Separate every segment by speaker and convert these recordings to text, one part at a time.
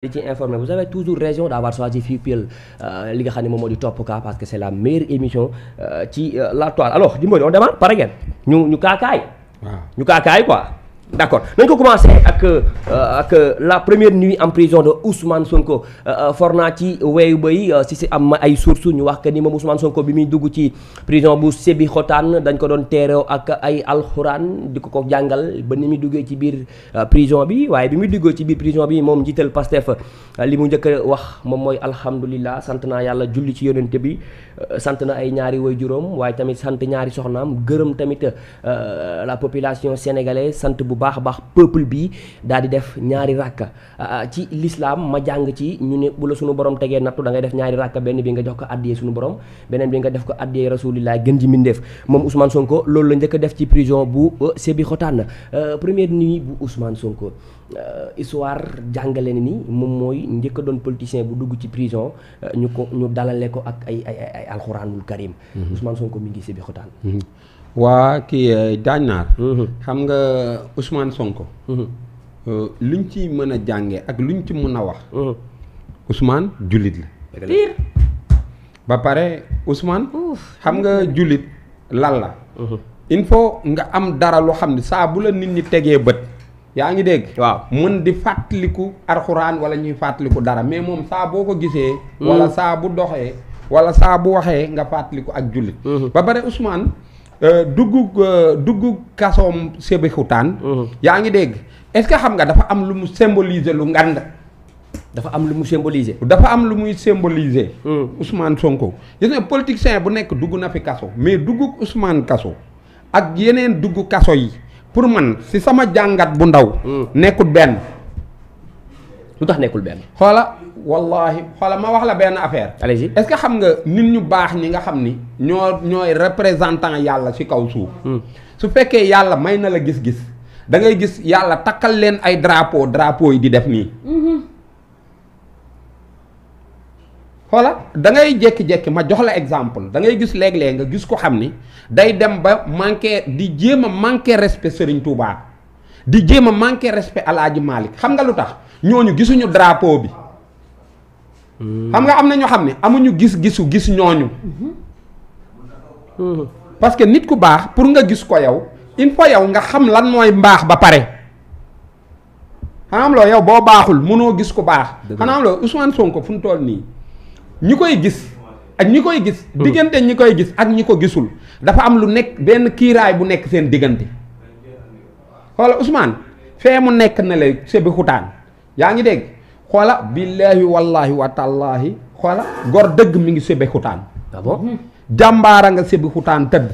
Speaker 1: di ci informé vous avez toujours raison d'avoir choisi FIPIEL euh, li nga xam ne moom moo di topp kaa parce que c'est la meilleure émission euh, ci euh, la toile alors Jimbori on démarre pare ngeen ñu ñu kaakaay. waaw ñu kaakaay quoi. d' accord nañ ko commencé ak euh, ak la première nuit en prison de Ousmane Sonko euh, euh, for naa ci weeyu bay si si am ma ay source ñu wax que ni moom Ousmane Sonko bi muy dugg ci prison bu Sébi Xotaan dañ ko doon teerew ak ay alxuraan di ko ko jàngal ba ni muy duggee ci biir prison bi waaye bi muy duggee ci biir prison bi moom njiital Pastef li mu njëkk wax moom mooy alhamdulillah sant naa yàlla julli ci yonent bi sant na ay ñaari way juróom waaye tamit sant ñaari soxnaam gërëm tamit la population sénégalaise sant bu baax a baax peuple bi daal di def ñaari rakka ah, ah, ci l'islam ma jàng ci ñu ne bu la suñu borom tegee nattu da ngay def ñaari rakka benn bi nga jox ko addiyee suñu borom beneen bi nga def ko addiyee rasulillah gën ji mbindeef moom Ousmane Sonko loolu la njëkk def ci prison bu euh, Sébikotane euh, première nii bu Ousmane Sonko euh, histoire jàngale ni moom mooy njëkk doon politicien bu dugg ci prison ñu ko ñu dalale ko ak ay ay ay alxuraanul
Speaker 2: karim mm-hmm. Ousmane Sonko mi ngi Sébikotane mm-hmm. waa kii euh, daañ naar mm-hmm. xam nga euh, Ousmane Sonko mm-hmm. euh, luñ ci mën a jànge ak lu luñ ci mën a wax mm-hmm. Ousmane julit la pire ba pare Ousmane xam nga julit lan la il faut nga am dara loo xam ne saa bu la nit ñi tegee bët yaa ngi dégg waaw mën di fàttaliku arxuraan wala ñuy fàttaliku dara mais moom saa boo ko gisee wala saa bu doxee wala saa bu waxee nga fàttaliku ak jullit ba pare Ousmane dugg euh, dugg euh, kasoom Sébikotane mhm. yaa ngi dégg est-ce que xam nga dafa am lu mu symboliser lu ngand dafa am lu mu symboliser dafa am lu muy symboliser mhm. Ousmane Sonko gis nga bu nekk dugg na fi kaso mais dugg Ousmane kaso ak yeneen dugg kaso yi pour man si sama jàngat bu ndaw mhm. nekkul benn lu tax nekkul benn xoola wallahi xoola ma wax la benn affaire. allez-y que xam nga nit ñu baax ñi nga xam ni. ñoo ñooy représentant yàlla ci kaw suuf. Hmm. su fekkee yàlla may na la gis-gis da ngay gis yàlla takkal leen ay drapo drapo yi di def nii. Mm-hmm. xoola da ngay jékki ma jox la exemple da ngay gis léeg nga gis ko xam ni day dem ba manqué di jéem a manqué respect Serigne Touba di jéem a manqué respect El Hadj xam nga lu tax ñooñu gisuñu drapo bi. Hmm. xam nga am na ñoo xam ne amuñu gis-gisu gis ñooñu. Hmm. parce que nit ku baax pour nga gis ko yow il faut yow nga xam lan mooy mbaax ba pare. xanaa am loo yow boo baaxul mënoo gis ku baax. xanaa am loo Ousmane Sonko fu mu toll nii ñi koy gis. ak ñi koy gis. Hmm. diggante ñi koy gis ak ñi ko gisul. dafa am lu nekk benn kiiraay bu nekk seen diggante. xoola Ousmane fee mu nekk na la sebi xutaan yaa ngi dégg. xoola billaahi wallaahi wa tallaahi xoola gor dëgg mi ngi sébi xutaan d'abord ah mhm. jàmbaara nga sébi xutaan tëdd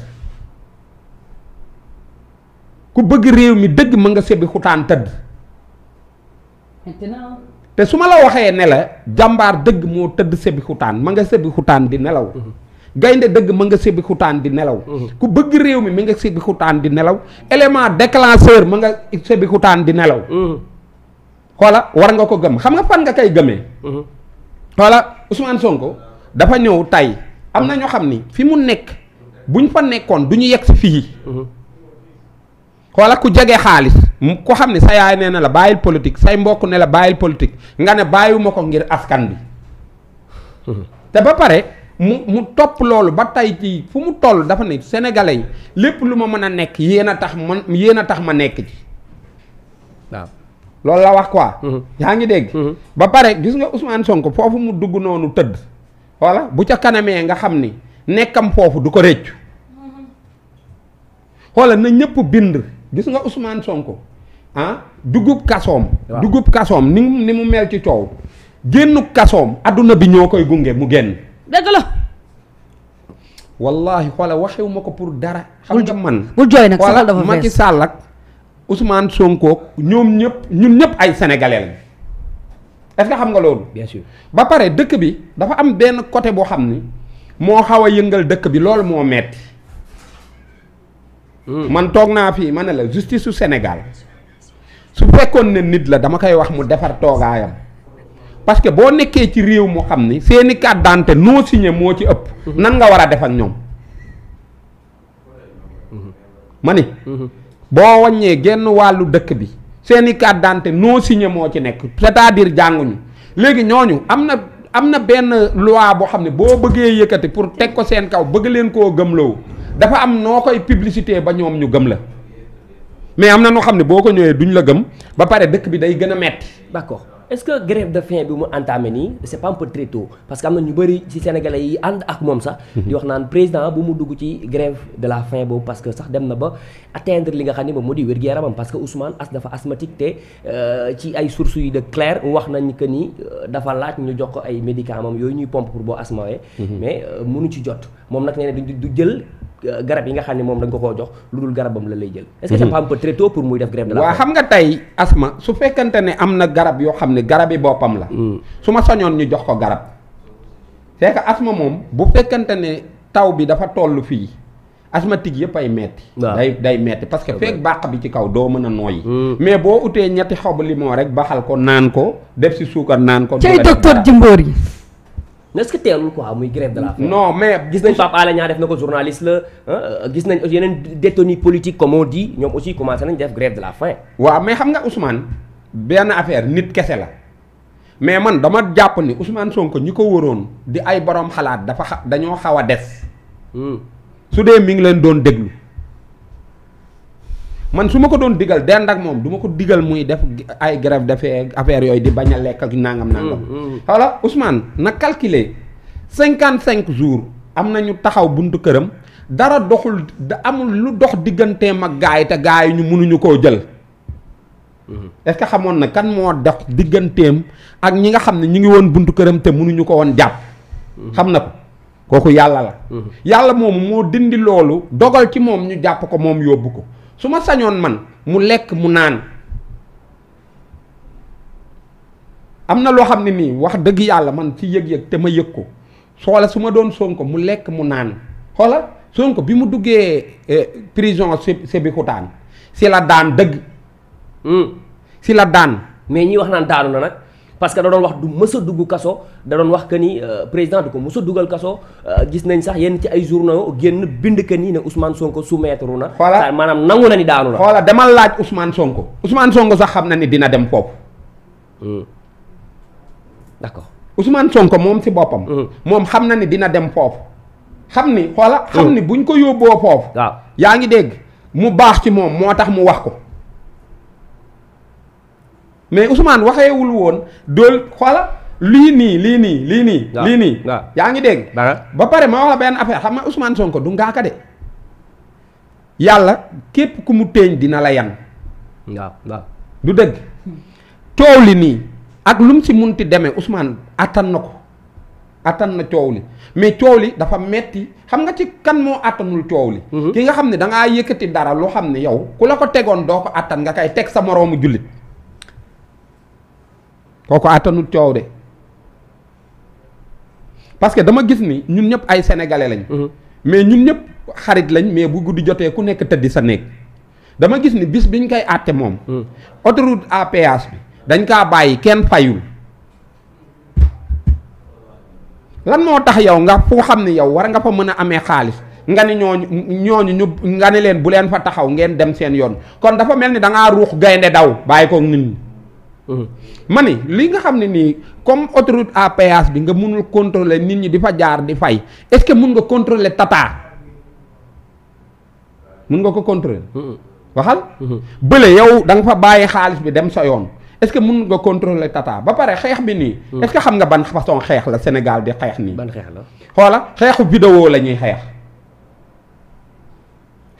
Speaker 2: ku bëgg réew mi dëgg mën nga sébi xutaan tëdd te su ma la waxee ne la jàmbaar dëgg moo tëdd sébi xutaan ma nga sébi xutaan di nelaw mhm. gaynde dëgg ma nga sébi xutaan di nelaw mhm. ku bëgg réew mi mi nga sébi xutaan di nelaw élément déclencheur ma nga sébi xutaan di nelaw xoola war nga ko gëm xam nga fan nga koy gëmee. xoola mhm. Ousmane Sonko dafa ñëw tay am na ñoo xam ni fi mu nekk buñ fa nekkoon du ñu yegg si fii. xoola mhm. ku jege xaalis ku xam ne sa yaay nee na la bàyyil politique say mbokk ne la bàyyil politique nga ne bàyyiw ma ko ngir askan bi. Mhm. te ba pare mu mu topp loolu ba tey ci fu mu toll dafa ne sénégalais yi lépp lu ma mën a nekk yéen a tax yéen a tax ma nekk ci waaw. loolu la wax quoi. Mhm. yaa ngi dégg. Mhm. ba pare gis nga usmaan Sonko foofu mu dugg noonu tëdd. voilà bu ca kanamee nga xam ni nekkam foofu du ko réccu. xoola na ñëpp bind gis nga Ousmane Sonko ah, dugub kasoom. waaw dugub kasoom ni mu mel ci coow. génnu kasoom adduna bi ñoo koy gunge mu génn. dëgg la. wallaahi xoola waxewu ma ko pour dara. xam nga man bul jooy nag saxal dafa fees Macky Sall Ousmane Sonko ñoom ñëpp ñun ñëpp ay sénégalais lañ est-ce xam nga loolu. ba pare dëkk bi dafa am benn côté boo xam ni moo xaw a yëngal dëkk bi loolu moo metti hmm. man toog naa fii ma ne la justice su senegal su fekkoon ne nit la dama koy wax mu defar toogaayam parce que boo nekkee ci réew moo xam ni seeni carte d'identité non signé moo ci ëpp. Hmm. nan nga war a def ak ñoom hmm. ma ni. boo wàññee genn wàllu dëkk bi seeni carte d'identité non signé moo ci nekk c'est-à-dire jànguñu léegi ñooñu am na am na benn loi boo xam ne boo bëggee yëkkati pour teg ko seen kaw bëgg leen koo gëmloo dafa am noo koy publicité ba ñoom ñu gëm la mais am na noo xam ne boo ko ñëwee duñ la gëm ba pare dëkk bi day gën a metti d'accord
Speaker 1: est-ce que grève de faim bi mu entamé nii c'est pas un parce que am na ñu bëri ci sénégalais yi ànd ak moom sax. Mhm. di wax naan président bu mu dugg ci grève de la fin boobu parce que sax dem na ba atteindre li nga xam ne moom moo di wér-gu-yaramam parce que Ousmane as dafa asthmatique te euh, ci ay sources yi de clair wax nañ que ni euh, dafa laaj ñu jox ko ay médicaments yooyu ñuy pompe pour boo asthmawee. Mhm. mais euh, mënu ci jot moom nag nee na du jël. Euh, garab yi nga xam ne moom da nga koo jox lu dul garabam la lay jël est-ce que c'est mhm. pas un peu très tôt
Speaker 2: pour muy def xam nga tey asma su fekkante ne am na garab yoo xam ne garabi boppam la mm. su ma soñoon ñu jox ko garab c'est asma moom bu fekkante ne taw bi dafa toll fii asthmatique yëpp ay metti day day metti parce que fekk bàq bi ci kaw doo mën a nooy mm. mais boo utee ñetti xobu limon rek baxal ko naan ko def si suukar naan ko cay docteur Jimbori
Speaker 1: mais est-ce que teelul quoi muy grève
Speaker 2: de la faim. non mais gis nañ Pape
Speaker 1: Alé Niang def na ko journaliste la gis nañ yeneen détenus politiques comme on dit ñoom aussi commencé nañ def
Speaker 2: grève de la faim. waaw mais xam nga Ousmane benn affaire nit kese la mais man dama jàpp ni Ousmane Sonko ñi ko wóoroon di ay boroom xalaat dafa dañoo xaw a des. Hmm. su dee mi ngi leen doon déglu. man su ma ko doon digal dend ak moom duma ko digal muy def ay grève dafee affaire yooyu di bañ a lekk ak nangam nangam mm, mm. voilà Ousmane na calculer cinquante cinq jours am na ñu taxaw buntu këram dara doxul da amul lu dox digganteem ak gaay yi te gaay yi ñu mënuñu koo jël mm-hmm. est-ce xamoon na kan moo dox digganteem ak ñi nga xam ne ñu ngi woon buntu këram te mënuñu ko woon jàpp mm-hmm. xam na ko kooku yàlla la mm-hmm. yàlla moomu moo dindi loolu dogal ci moom ñu jàpp ko moom yóbbu ko su ma sañoon man mu lekk mu naan am na loo xam ne nii wax dëgg yàlla man ci yëg-yëg te ma yëg ko xoola su ma doon sonko mu lekk mu naan xoola sonko bi mu duggee eh, prison Sébikotane si la daan dëgg hmm. si la daan mais ñi wax naan daanu na nag parce que da doon wax
Speaker 1: du mës a dugg kaso da doon wax que ni euh, président du ko mës a kaso euh, gis nañ sax yenn ci ay
Speaker 2: journaux génn bind que nii ne Ousmane Sonko soumettre na. voilà maanaam nangu na ni daanu la. xoola demal laaj Ousmane Sonko Ousmane Sonko sax xam na ni dina dem foofu. Hmm. d'accord Ousmane Sonko moom ci boppam. Hmm. moom xam na ni dina dem foofu. xam ni xoola. xam hmm. buñ ko yóbboo foofu. waaw yaa ngi dégg mu baax ci moom moo tax mu wax ko. mais Ousmane waxeewul woon dool xoola lii nii lii nii lii nii yaa ngi dégg ba pare ma wax la benn affaire xam nga Ousmane Sonko du ngaaka de yàlla képp ku mu téeñ dina la yan waaw du dëgg coow li nii ak lu mu si munti demee Ousmane attan na ko attan na coow li mais coow li dafa metti xam nga ci kan moo attanul coow li mhm. ki nga xam ne dangaa yëkkati dara loo xam ne yow ku la ko tegoon doo ko àttan nga koy teg sa moroomu jullit kooku àttanut coow de parce que dama gis ni ñun ñëpp ay sénégalais lañ. Mm-hmm. mais ñun ñëpp xarit lañ mais bu guddi jotee ku nekk tëddi sa néeg dama gis ni bis biñ koy àtte moom. Mm. autoroute à péage bi dañ kaa bàyyi kenn fayul. lan moo tax yow nga foo xam ne yow war a nga fa mën a amee xaalis nga ni ñooñu ñooñu ñu nga ne leen bu leen fa taxaw ngeen dem seen yoon kon dafa mel ni da ruux gaynde daw bàyyi ko nit ñi Euh. ma ni li nga xam ne nii comme autoroute à péage bi nga mënul contrôler nit ñi di fa jaar di fay est-ce que mun nga contrôler Tata mun nga ko contrôler waxal bële yow danga fa bàyyi xaalis bi dem sa yoon est que mun nga contrôler Tata ba pare xeex bi nii mm. est xam nga ban façon xeex la Sénégal di xeex nii ban xeex la xoola xeexu vidéo la ñuy xeex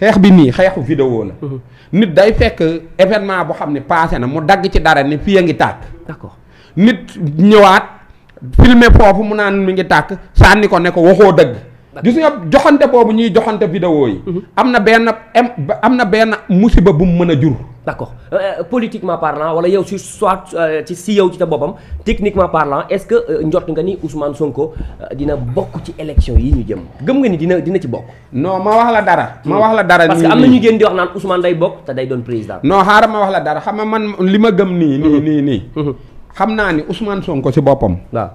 Speaker 2: xeex bi nii xeexu vidéo la. Mhm. nit day fekk événement boo xam ne passé na mu dagg ci dara ni fii a ngi tàkk. d'accord nit ñëwaat filmer foofu mu naan mi ngi tàkk sànni ko ne ko waxoo dëgg. gis nga joxante boobu ñuy joxante vidéo yi. Mhm. am na benn am na benn musiba bu mu mën a jur. d'accord
Speaker 1: euh, euh, politiquement parlant wala yow si soit euh, ci si yow ci sa boppam techniquement parlant est-ce que njot nga ni Ousmane Sonko dina bokk ci élection yi ñu jëm gëm nga ni dina
Speaker 2: dina ci bokk. non ma wax la dara. ma hmm. wax la dara parce am na ñu
Speaker 1: génn di wax naan Ousmane day bokk te day doon président. non
Speaker 2: xaaral ma wax la dara xam nga man li ma gëm nii. nii hmm. nii nii. Hmm. xam naa ni Ousmane Sonko si boppam. waaw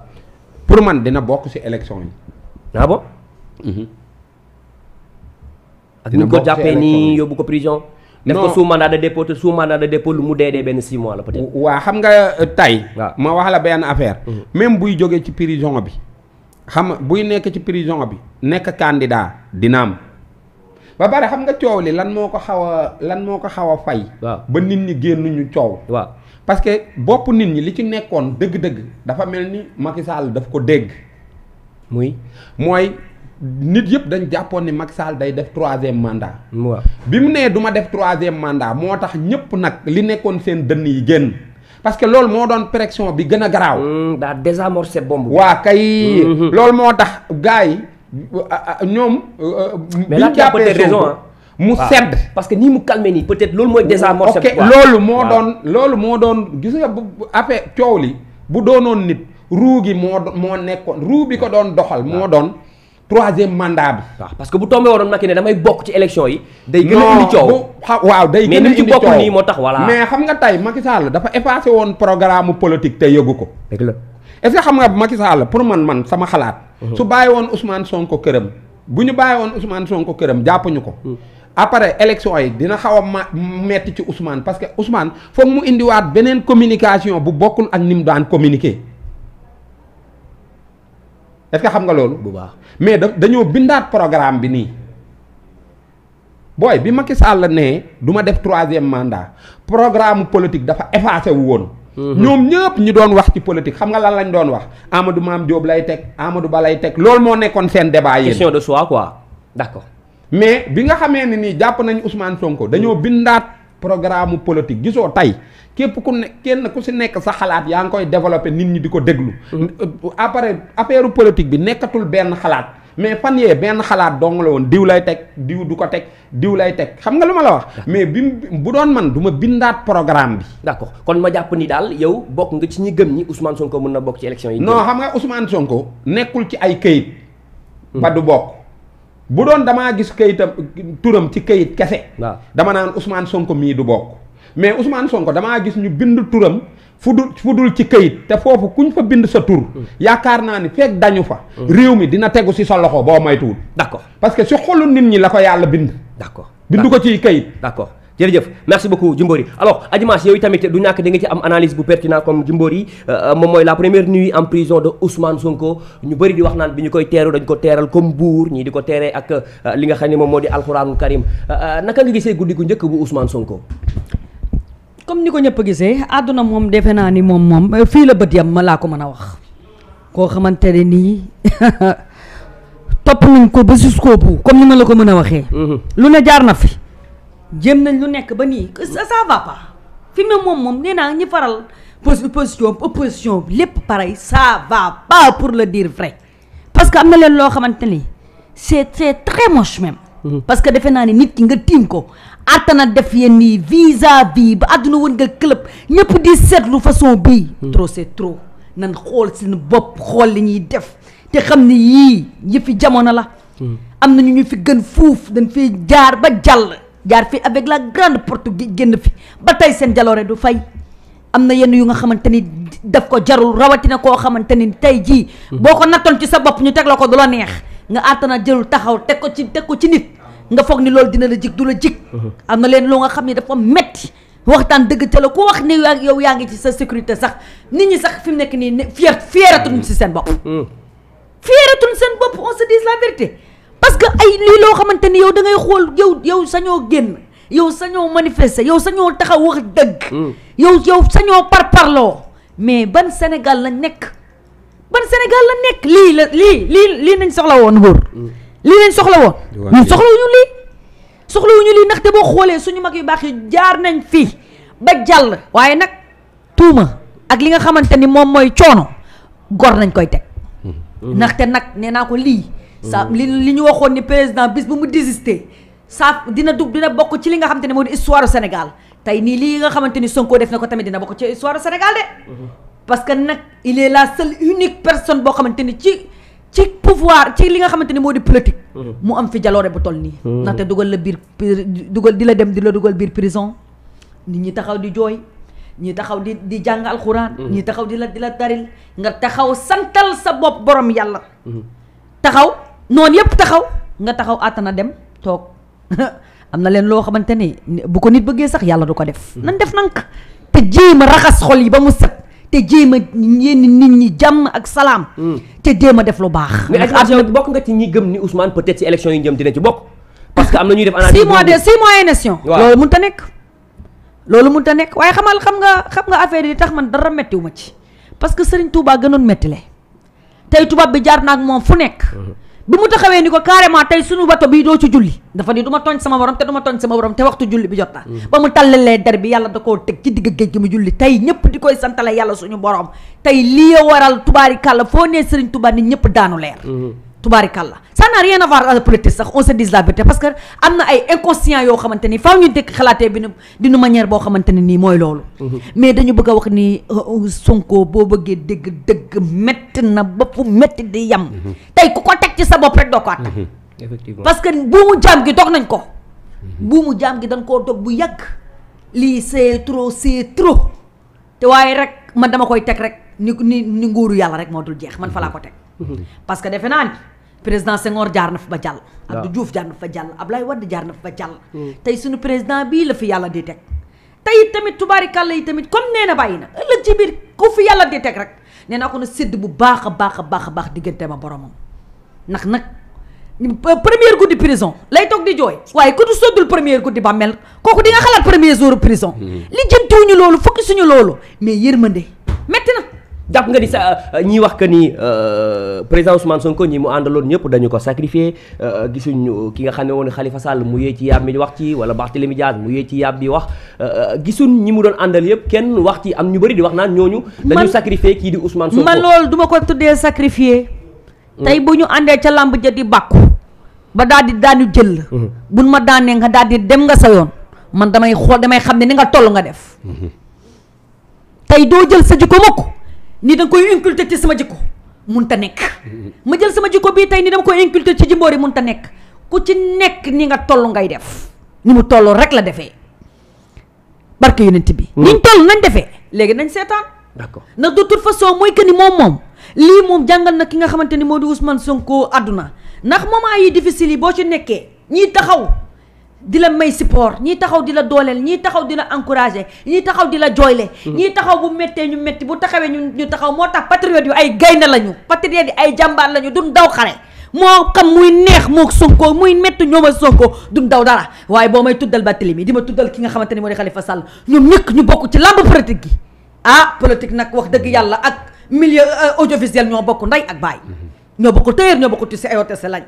Speaker 2: pour man dina bokk ci élection yi. ah bon. Mhm.
Speaker 1: ak ñu ko jàppee nii yóbbu ko prison. def ko sous mandat de dépôt te
Speaker 2: sous mandat lu mu dee dee benn 6 mois la peut-être. xam nga euh, tay ma wax la benn affaire. Mhm. même buy jógee ci prison bi. xam buy nekk ci prison bi. nekk candidat dina am. ba pare xam nga coow li lan moo ko xaw a lan moo ko xaw a fay. ba nit ñi génn ñu coow. waaw parce que bopp nit ñi li ci nekkoon dëgg-dëgg dafa mel ni Macky daf ko dégg. muy mooy nit yëpp dañ jàppoon ni mag saal day def troisième mandat. bi mu nee duma def troisième mandat moo tax ñëpp nag li nekkoon seen dënn yi génn. parce que loolu moo doon pression bi gën a garaaw. Hmm, daa désamorcer bombe. waa kay. Hmm. loolu moo tax gars yi ñoom.
Speaker 1: Euh, euh, mais là tu as mu sedd.
Speaker 2: parce que nii mu calmé nii peut-être
Speaker 1: loolu mooy désamorcer. ok loolu moo doon
Speaker 2: loolu moo doon gis nga bu affaire coow li bu doonoon nit ruu gi moo moo nekkoon ru bi ko doon doxal moo doon. troisième mandat bi. waaw
Speaker 1: parce que bu tombé waroon Macky ne damay bokk ci élection yi. day gën a indi coow
Speaker 2: waaw day gën a indi coow mais moo tax voilà. xam nga tey Macky Sall dafa effacé woon programme politique te yëgu ko. dëgg la est ce que xam nga Macky Sall pour man man sama xalaat. Mhm. su bàyyi woon Ousmane Sonko këram. bu ñu bàyyi woon Ousmane Sonko këram jàppuñu ko. Mhm. après élection yi dina xaw a ma metti ci Ousmane parce que Ousmane foog mu indiwaat beneen communication bu bokkul ak ni mu daan communiquer. est xam nga loolu. bu baax mais dañoo bindaat programme bi nii booy bi Macky Sall ne du ma def troisième mandat programme politique dafa effacé wu woon. Mhm. ñoom ñëpp ñi doon wax ci politique xam nga lan lañ doon wax amadu maam Diop lay teg amadu Ba lay teg loolu moo nekkoon seen débat yéen. question de soi quoi mais bi nga xamee ni nii jàpp nañu Ousmane Sonko dañoo bindaat. programme politique gisoo tey képp ku ne kenn ku si nekk sa xalaat yaa ngi koy développé nit ñi di ko déglu. Mm-hmm. Euh, après affaire politique bi nekkatul benn xalaat mais fan yee benn xalaat dong la woon diw lay teg diw du ko teg diw lay teg xam nga lu ma la wax. mais bi bu doon man du ma bindaat programme bi. d'accord kon ma jàpp ni daal yow bokk nga ci ñi gëm ñi Ousmane Sonko mën na bokk ci élection yi. non xam nga Ousmane Sonko nekkul ci ay kayit mm-hmm. ba du bokk. bu doon damaa gis kayitam turam ci kayit kese. dama naan usmaan sonk mii du bokk. mais Ousmane Sonko damaa gis ñu bind turam fu dul fu dul ci kayit te foofu kuñ fa bind sa tur. Hmm. yaakaar naa ni fekk dañu fa. Hmm. réew mi dina tegu si sa loxo boo moytuwul. d' accord parce que si xolu nit ñi la ko yàlla bind. d' accord ko ci kayit. d' accord jërëjëf merci beaucoup
Speaker 1: Jimbori alors Adji Mass yow tamit du ñàkk dinga nga ci am analyse bu pertinent comme Jimbori euh, euh, moom mooy la première nuit en prison de Ousmane Sonko ñu bëri di wax naan bi ñu koy teeru dañ ko teeral comme buur ñii di ko teeree ak euh, li nga xam ne moom moo di alxuraanul karim naka nga gisee guddi gu njëkk bu Ousmane Sonko.
Speaker 3: comme ni ko ñëpp gisee àdduna moom defe naa ni moom moom fii la bët yam ma laa ko mën a wax koo xamante ne nii topp ko ba jusqu'au comme ni ma la ko mën a waxee. Mhm. lu ne jaar na fi. jéem nañ lu nekk ba nii ça ça va pas fi mu moom moom nee naa ñi faral opposition opposition bi lépp pareil ça va pa pour le dire vrai parce que am na leen loo xamante ni c'est c'est très moche même. Mm-hmm. parce que defe naa ne nit ki nga tiim ko na def yenn nii vis-à-vis ba àdduna wën nga club ñëpp di seetlu façon bii. Mm-hmm. trop c'est trop nan xool seen bopp xool li ñuy def te xam ne yii yëfi jamono la. Mm-hmm. am na ñu ñu fi gën fuuf dañ fi jaar ba jàll. jaar fi avec la grande porte génn fi ba tey seen jaloore du fay am na yenn yu nga xamante ni daf ko jarul rawatina koo xamante ni tey jii. Hmm. boo ko nattoon ci sa bopp ñu teg la ko du la neex nga àttana jëlul taxaw teg ko ci teg ko ci nit nga foog ni loolu dina la jig du la jig. Hmm. am na leen loo nga xam ne dafa metti waxtaan dëgg cëla la ku wax ne yow yaa ngi ci sa sécurité sax nit ñi sax fi mu nekk nii fier fieratuñ ci seen bopp. Hmm. fieratuñ seen bopp on se parce que ay lii loo xamante ni yow dangay xool yow yow sañoo génn yow sañoo manifester yow sañoo taxaw wax dëgg. Hmm. yow yow sañoo parparloo mais ban Sénégal la nekk ban Sénégal la nekk lii la lii lii lii nañ soxla woon góor. Hmm. lii lañ soxla woon. ñun soxlawuñu lii. soxlawuñu lii ndaxte boo xoolee suñu mag yu baax yi jaar nañ fii ba jàll. waaye nag tuuma ak li nga xamante ni moom mooy coono gor nañ koy teg. Hmm. ndaxte nag nee naa ko lii. sa li li ñu waxoon ni président bis bu mu désister saa dina dugg dina bokk ci li nga xamante ne moo di histoire Sénégal tey nii lii nga xamante ni Sonko def na ko tamit dina bokk ci histoire Sénégal de. Mm-hmm. parce que nag il est la seule unique personne boo xamante ni ci ci pouvoir ci li nga xamante ni moo di politique. Mm-hmm. mu am fi jaloore bu toll nii. Mm-hmm. ndaxte dugal la biir dugal di la dem di la dugal biir prison nit ñi taxaw di jooy. ñi taxaw di di jàng alxuraan. ñi taxaw di la di la taril nga taxaw santal sa bopp borom yàlla. noonu yëpp taxaw nga taxaw àttana dem toog am na leen loo xamante ne bu ko nit bëggee sax yàlla du ko def. Mm-hmm. nan def nank te jéem a raxas xol yi ba mu set te jéem a yenn nit ñi jàmm ak salaam. Mm. te jéem def lu baax.
Speaker 1: mais ak bokk nga ci ñi gëm ni Ousmane peut-être ci élection yi ñu jëm dina ci bokk. parce que am na ñuy def analyse. 6 mois de 6 mois et loolu mënut a nekk.
Speaker 3: loolu mun a nekk waaye xamal xam nga xam nga affaire yi tax man dara méttiwu ma ci parce que Serigne Touba gënoon méttile tey tubaab bi jaar na ak moom fu nekk. Mm-hmm. bi mu taxawee ni ko carrément tey suñu bato bii doo ci julli dafa ni du ma tooñ sama borom te du ma tooñ sama borom te waxtu julli bi jot na mm. ba mu tàllalee der bi yàlla da koo teg ci digg géej gi mu julli tey ñëpp di koy santale yàlla suñu borom tey lii waral tubaari kàlla foo nee sëriñ tubaar nit ñëpp daanu leer mm-hmm. tubaari kàlla n'a rien à voir à la politique sax parce que xamante ni faaw ñu dëkk xalaatee bi xamante ne nii mooy loolu mhm. mais dañu bëgg a wax ni euh, euh, Sonko boo bëggee dégg dëgg métti na ba fu métti di yam mhm. tey ku ko teg ci sa bopp rek doo ko attan mhm. effectivement parce que buumu jaam gi dog nañ ko buumu jaam gi dañ koo dog bu yàgg lii c'est trop c'est trop te waaye rek man dama koy teg rek ni ni ni nguuru yàlla rek moo dul jeex man fa laa ko teg parce que defe naa président Senghor jaar na fa ba jàll. waaw Abdou Diouf jaar na fa jàll Ablaye Wade jaar na fa jàll. Hmm. tey suñu président bii la fi yàlla di teg. tey tamit tubaarikàlla yi tamit comme nee na bàyyi na ëllëg ci biir ku fi yàlla di teg rek nee naa ko na sédd bu baax a baax a baax a baax diggante ma boromam. ndax nag première guddi prison lay toog di jooy waaye ku du soddul première guddi bàmmeel kooku di nga xalaat premier jour prison. Hmm.
Speaker 1: li jëntuwuñu loolu fukki suñu loolu mais yërmande metti na. jàpp nga ni sa euh, ñiy wax que ni euh, président Ousmane Sonko ñi mu àndaloon ñëpp dañu ko sacrifié euh, gisuñ ki nga xam ne woon xalifa sàll mu yee ci yaab mi wax ci wala Barthélémy Dias mu yee ci yaab bi wax gisuñ ñi mu doon àndal yëpp kenn wax ci am ñu bëri di wax naan ñooñu. dañu sacrifié kii di Ousmane Sonko man loolu
Speaker 3: du ma ko tuddee sacrifié. Mm. tey bu ñu àndee ca làmb ja di bàkku ba daal di daanu jël. Mm-hmm. buñ ma daanee nga dal di dem nga sa yoon man damay xool damay xam ne ni nga toll nga def. Mm-hmm. tey doo jël sa jikko ni da nga koy inculter ci sama jikko ta nekk ma jël sama jikko bii tey ni dama koy inculter ci jimboor yi ta nekk ku ci nekk ni nga toll ngay def ni mu toll rek la defee barke yonent bi mm. niñ toll nañ defee léegi nañ seetaan d'accord ndax de toute façon mooy que ni moom moom lii moom jàngal na ki nga xamante ni moo di Ousmane Sonko àdduna ndax moment yi difficile yi boo ci nekkee ñi taxaw di la may support ñii taxaw di la dooleel ñii taxaw dina la encouragé taxaw di la jooyle mm-hmm. ñii taxaw bu méttee ñu métti bu taxawee ñu ñu taxaw moo tax patriote yu ay gaynde lañu patriote yi ay jàmbaar lañu dun daw xare moo xam muy neex moo Sonko muy métti ñoom a Sonko duñ daw dara waaye boo may tuddal Barthélémy di ma tuddal ki nga xamante ni moo di Khalifa Sall ñu ñëkk ñu bokk ci làmb politique gi ah politique nag wax dëgg yàlla ak milieu euh, audiovisuel ñoo bokk ndey ak baay mm-hmm. ñoo bokk téyéer ñoo bokk ci si ayotese lañ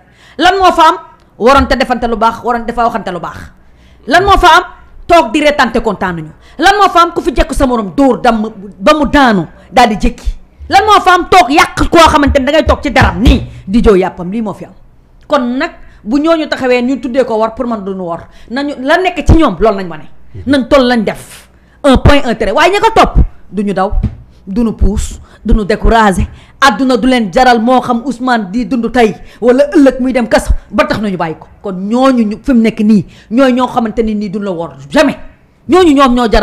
Speaker 3: waroon te defante lu baax waroon dafa waxante lu baax lan moo fa am toog di reetante kontaanuñu lan moo fa am ku fi jekk sa morom dam ba mu daanu daal di jékki lan moo fa am toog yàq koo xamante ne dangay toog ci daram nii di joo yàppam lii moo fi am kon nag bu ñoo ñu taxawee ñu tuddee ko war pour man duñu war nañu la nekk ci ñoom loolu nañ ma ne mm-hmm. nañ toll lañ def un point un trait waaye ña ko topp duñu daw du nu puus du nu découragé àdduna du leen jaral moo xam Ousmane di dundu tey wala ëllëg muy dem kaso ba tax na ñu bàyyi ko kon ñooñu ñu fi mu nekk nii ñooy ñoo xamante ni nii duñ la wor jamais ñooñu ñoom ñoo jaral.